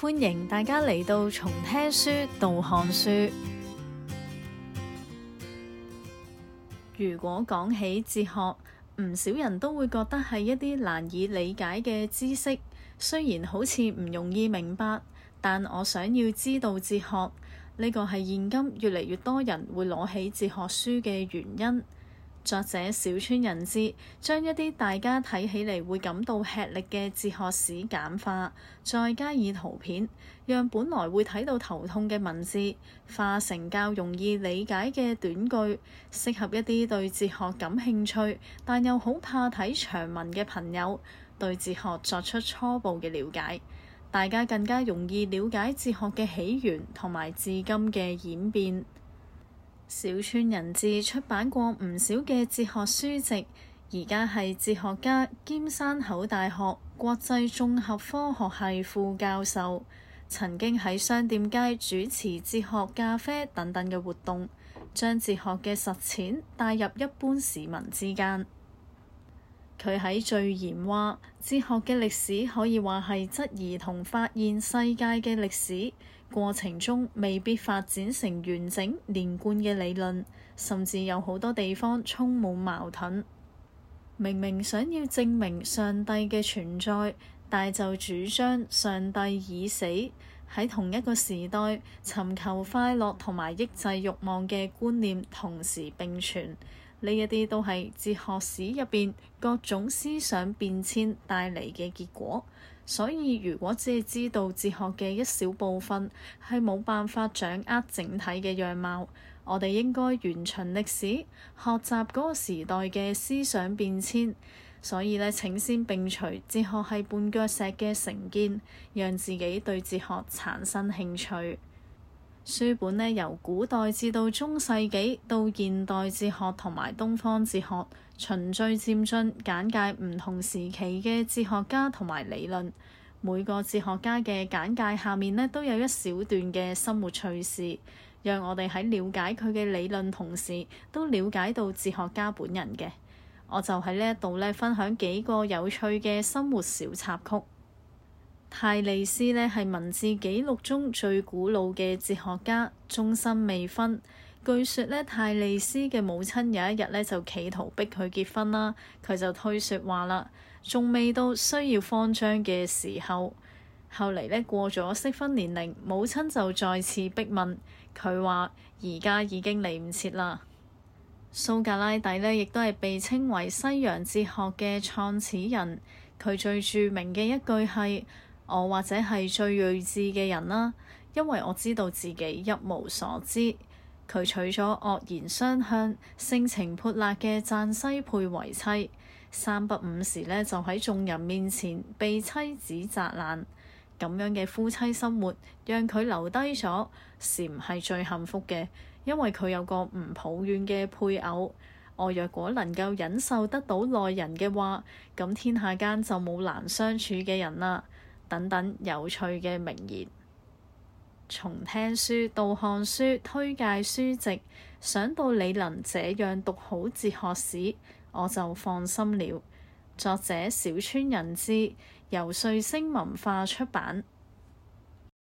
歡迎大家嚟到從聽書到看書。如果講起哲學，唔少人都會覺得係一啲難以理解嘅知識。雖然好似唔容易明白，但我想要知道哲學，呢個係現今越嚟越多人會攞起哲學書嘅原因。作者小川仁志將一啲大家睇起嚟會感到吃力嘅哲學史簡化，再加以圖片，讓本來會睇到頭痛嘅文字化成較容易理解嘅短句，適合一啲對哲學感興趣，但又好怕睇長文嘅朋友對哲學作出初步嘅了解，大家更加容易了解哲學嘅起源同埋至今嘅演變。小川仁志出版過唔少嘅哲學書籍，而家係哲學家，兼山口大學國際綜合科學系副教授，曾經喺商店街主持哲學咖啡等等嘅活動，將哲學嘅實踐帶入一般市民之間。佢喺序言話，哲學嘅歷史可以話係質疑同發現世界嘅歷史過程中，未必發展成完整連貫嘅理論，甚至有好多地方充滿矛盾。明明想要證明上帝嘅存在，但就主張上帝已死。喺同一個時代，尋求快樂同埋抑制欲望嘅觀念同時並存。呢一啲都係哲學史入邊各種思想變遷帶嚟嘅結果，所以如果只係知道哲學嘅一小部分，係冇辦法掌握整體嘅樣貌。我哋應該沿循歷史學習嗰個時代嘅思想變遷，所以呢，請先摒除哲學係絆腳石嘅成見，讓自己對哲學產生興趣。書本咧由古代至到中世紀，到現代哲學同埋東方哲學，循序漸進，簡介唔同時期嘅哲學家同埋理論。每個哲學家嘅簡介下面咧，都有一小段嘅生活趣事，讓我哋喺了解佢嘅理論同時，都了解到哲學家本人嘅。我就喺呢一度咧，分享幾個有趣嘅生活小插曲。泰利斯呢，係文字紀錄中最古老嘅哲學家，終身未婚。據說呢，泰利斯嘅母親有一日呢就企圖逼佢結婚啦，佢就推說話啦，仲未到需要慌張嘅時候。後嚟呢，過咗適婚年齡，母親就再次逼問佢話：而家已經嚟唔切啦。蘇格拉底呢亦都係被稱為西洋哲學嘅創始人，佢最著名嘅一句係：我或者係最睿智嘅人啦，啊，因為我知道自己一無所知。佢娶咗惡言相向、性情潑辣嘅讚西佩為妻，三不五時呢就喺眾人面前被妻子責難。咁樣嘅夫妻生活，讓佢留低咗禪係最幸福嘅，因為佢有個唔抱怨嘅配偶。我若果能夠忍受得到內人嘅話，咁天下間就冇難相處嘅人啦。等等有趣嘅名言，從聽書到看書，推介書籍，想到你能這樣讀好哲學史，我就放心了。作者小川仁志，由瑞星文化出版。